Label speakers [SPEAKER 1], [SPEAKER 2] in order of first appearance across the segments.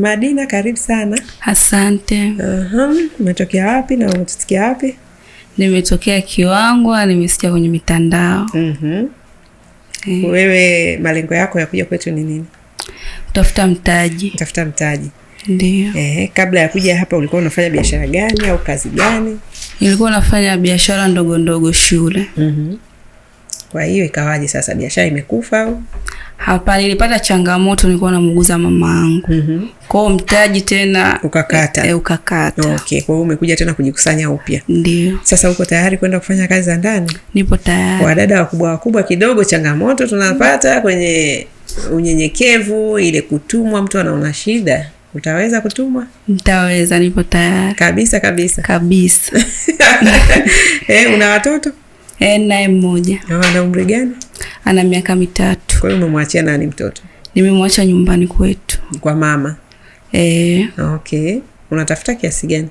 [SPEAKER 1] Madina, karibu sana.
[SPEAKER 2] Asante.
[SPEAKER 1] Umetokea uh -huh. wapi na umetusikia wapi?
[SPEAKER 2] Nimetokea Kiwangwa, nimesikia kwenye mitandao. uh
[SPEAKER 1] mhm. -huh. eh. Wewe malengo yako ya kuja kwetu ni nini?
[SPEAKER 2] Kutafuta mtaji.
[SPEAKER 1] Kutafuta mtaji. Ndiyo. Eh, kabla ya kuja hapa ulikuwa unafanya biashara gani au kazi gani?
[SPEAKER 2] Nilikuwa nafanya biashara ndogo ndogo shule.
[SPEAKER 1] mm Kwa hiyo ikawaje sasa, biashara imekufa au?
[SPEAKER 2] hapa nilipata changamoto, nilikuwa namuuguza mama yangu mm -hmm. Kwao mtaji tena
[SPEAKER 1] ukakata,
[SPEAKER 2] e, ukakata.
[SPEAKER 1] Okay, kwa hiyo umekuja tena kujikusanya upya. Ndio sasa uko tayari kwenda kufanya kazi za ndani?
[SPEAKER 2] Nipo tayari.
[SPEAKER 1] Wadada wakubwa wakubwa kidogo changamoto tunapata kwenye unyenyekevu, ile kutumwa, mtu anaona shida Utaweza kutumwa?
[SPEAKER 2] mtaweza nipo tayari
[SPEAKER 1] kabisa kabisa
[SPEAKER 2] kabisa.
[SPEAKER 1] Eh, una watoto?
[SPEAKER 2] Eh, naye mmoja. Na umri gani? ana miaka mitatu.
[SPEAKER 1] Kwa hiyo umemwachia nani mtoto?
[SPEAKER 2] Nimemwacha nyumbani kwetu kwa mama e.
[SPEAKER 1] Okay, unatafuta kiasi gani?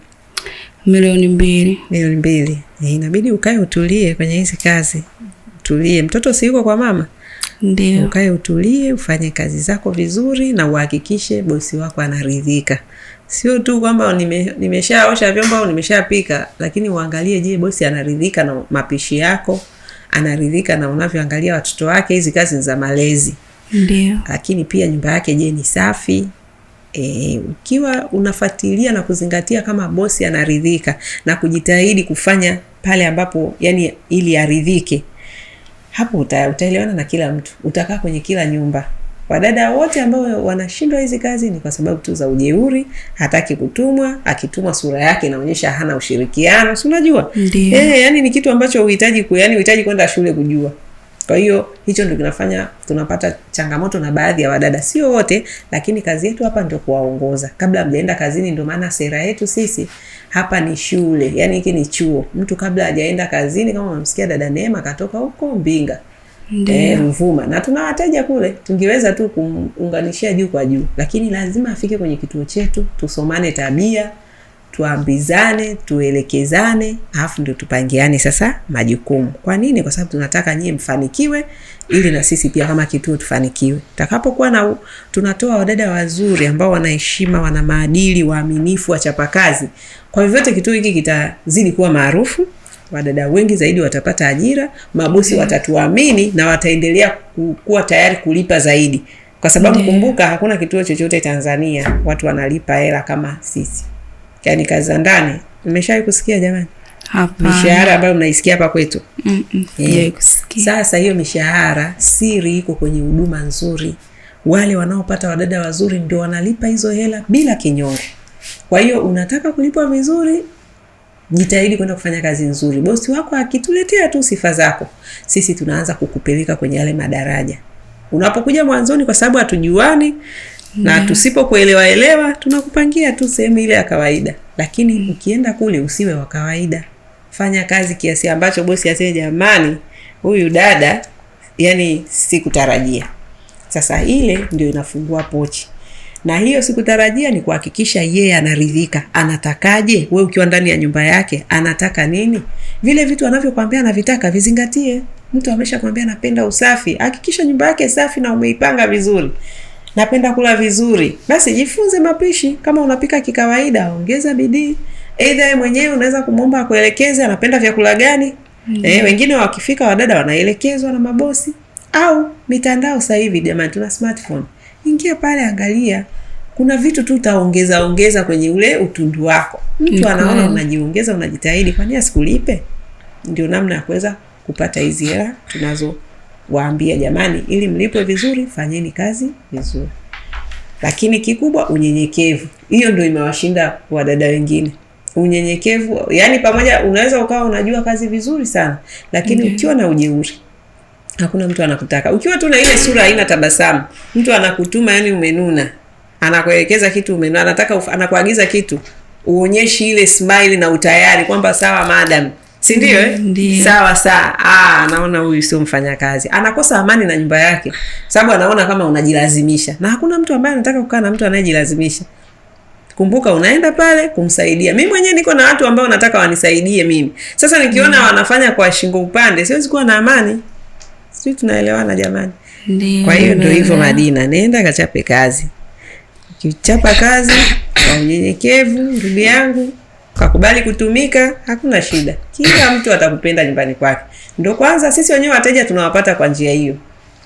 [SPEAKER 2] Milioni mbili.
[SPEAKER 1] Milioni mbili e, inabidi ukae utulie kwenye hizi kazi, utulie. Mtoto si yuko kwa mama? Ndio, ukae utulie, ufanye kazi zako vizuri, na uhakikishe bosi wako anaridhika. Sio tu kwamba nime, nimeshaosha vyombo au nimeshapika, lakini uangalie, je, bosi anaridhika na mapishi yako anaridhika na unavyoangalia watoto wake. Hizi kazi ni za malezi, ndio, lakini pia nyumba yake, je, ni safi? E, ukiwa unafuatilia na kuzingatia kama bosi anaridhika na kujitahidi kufanya pale ambapo yani ili aridhike, hapo uta, utaelewana na kila mtu, utakaa kwenye kila nyumba. Wadada wote ambao wanashindwa hizi kazi ni kwa sababu tu za ujeuri, hataki kutumwa, akitumwa sura yake inaonyesha hana ushirikiano, si unajua? Eh, yani ni kitu ambacho uhitaji ku, yani uhitaji kwenda shule kujua. Kwa hiyo hicho ndio kinafanya tunapata changamoto na baadhi ya wadada, sio wote, lakini kazi yetu hapa ndio kuwaongoza. Kabla mjaenda kazini, ndio maana sera yetu sisi hapa ni shule, yani hiki ni chuo. Mtu kabla hajaenda kazini, kama unamsikia dada Neema katoka huko Mbinga eh, Mvuma na tuna wateja kule, tungeweza tu kumunganishia juu kwa juu, lakini lazima afike kwenye kituo chetu, tusomane tabia, tuambizane, tuelekezane, alafu ndio tupangiane sasa majukumu. Kwa nini? Kwa sababu tunataka nyie mfanikiwe, ili na sisi pia kama kituo tufanikiwe. Takapokuwa na tunatoa wadada wazuri ambao wanaheshima, wana maadili, waaminifu, wachapakazi, kwa vyovyote kituo hiki kitazidi kuwa maarufu wadada wengi zaidi watapata ajira, mabosi mm. watatuamini na wataendelea kuwa tayari kulipa zaidi, kwa sababu kumbuka, hakuna kituo chochote Tanzania watu wanalipa hela kama sisi, yaani kazi za ndani. Mmeshawahi kusikia jamani mishahara ambayo mnaisikia hapa kwetu?
[SPEAKER 2] mm -mm. Yeah.
[SPEAKER 1] Sasa hiyo mishahara, siri iko kwenye huduma nzuri. Wale wanaopata wadada wazuri ndio wanalipa hizo hela bila kinyonge Kwa hiyo unataka kulipwa vizuri jitahidi kwenda kufanya kazi nzuri. Bosi wako akituletea tu sifa zako, sisi tunaanza kukupeleka kwenye yale madaraja. Unapokuja mwanzoni, kwa sababu hatujuani na tusipokuelewa elewa, tunakupangia tu sehemu ile ya kawaida, lakini mm. ukienda kule usiwe wa kawaida. Fanya kazi kiasi ambacho bosi aseme, jamani, huyu dada yani sikutarajia. Sasa ile ndio inafungua pochi na hiyo sikutarajia ni kuhakikisha yeye anaridhika. Anatakaje? We ukiwa ndani ya nyumba yake anataka nini? Vile vitu anavyokwambia anavitaka vizingatie. Mtu ameshakwambia napenda usafi, hakikisha nyumba yake safi na umeipanga vizuri. Napenda kula vizuri, basi jifunze mapishi. Kama unapika kikawaida, ongeza bidii. Aidha yeye mwenyewe unaweza kumwomba akuelekeze anapenda vyakula gani. Mm. hmm Eh, wengine wakifika wadada wanaelekezwa na mabosi au mitandao. Sasa hivi jamani, tuna smartphone ingia pale, angalia kuna vitu tu utaongeza ongeza kwenye ule utundu wako. Mtu anaona unajiongeza, unajitahidi, kwani asikulipe? Ndio namna ya kuweza kupata hizi hela tunazowaambia, jamani, ili mlipwe vizuri, fanyeni kazi vizuri. Lakini kikubwa unyenyekevu, hiyo ndio imewashinda wadada wengine. Unyenyekevu yani, pamoja unaweza ukawa unajua kazi vizuri sana, lakini ukiwa na ujeuri hakuna mtu anakutaka. Ukiwa tu na ile sura haina tabasamu, mtu anakutuma yani umenuna, anakuelekeza kitu umenuna, anataka uf, anakuagiza kitu uonyeshi ile smile na utayari kwamba sawa madam, si ndio? eh? Sawa sawa. Ah, anaona huyu sio mfanyakazi, anakosa amani na nyumba yake, sababu anaona kama unajilazimisha, na hakuna mtu ambaye anataka kukaa na mtu anayejilazimisha. Kumbuka unaenda pale kumsaidia. Mimi mwenyewe niko na watu ambao nataka wanisaidie mimi. Sasa nikiona mm, wanafanya kwa shingo upande, siwezi kuwa na amani sijui tunaelewana jamani. Ndiyo, kwa hiyo ndo hivyo Madina, nenda kachape kazi, ukichapa kazi kwa unyenyekevu, ndugu yangu, kakubali kutumika, hakuna shida, kila mtu atakupenda nyumbani kwake. Ndo kwanza sisi wenyewe wateja tunawapata kwa njia hiyo,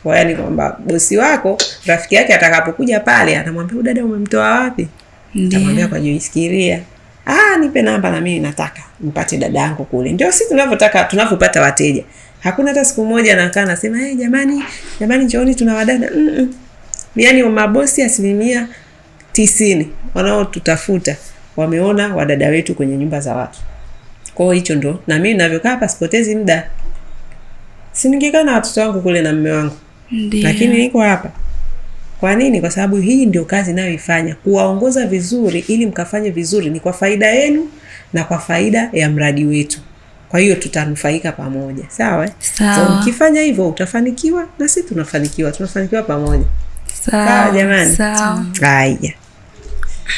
[SPEAKER 1] Kwa yaani kwamba bosi wako rafiki yake atakapokuja pale anamwambia udada, umemtoa wapi? Atamwambia kwa Joisikiria. Ah, nipe namba na mimi nataka mpate dadangu kule. Ndio sisi tunavyotaka tunavyopata wateja. Hakuna hata siku moja nakaa nasema hey, eh, jamani jamani, njooni tuna wadada mm -mm. Yaani mabosi asilimia tisini wanaotutafuta wameona wadada wetu kwenye nyumba za watu. Kwa hiyo hicho ndo na mimi ninavyokaa hapa, sipotezi muda, si ningekaa na watoto wangu kule na mume wangu, ndiyo. lakini niko hapa kwa nini? Kwa sababu hii ndio kazi inayoifanya kuwaongoza vizuri ili mkafanye vizuri, ni kwa faida yenu na kwa faida ya mradi wetu. Kwa hiyo tutanufaika pamoja, sawa?
[SPEAKER 2] Sawa.
[SPEAKER 1] Ukifanya so, hivyo utafanikiwa na sisi tunafanikiwa, tunafanikiwa pamoja. Sawa jamani. Haya.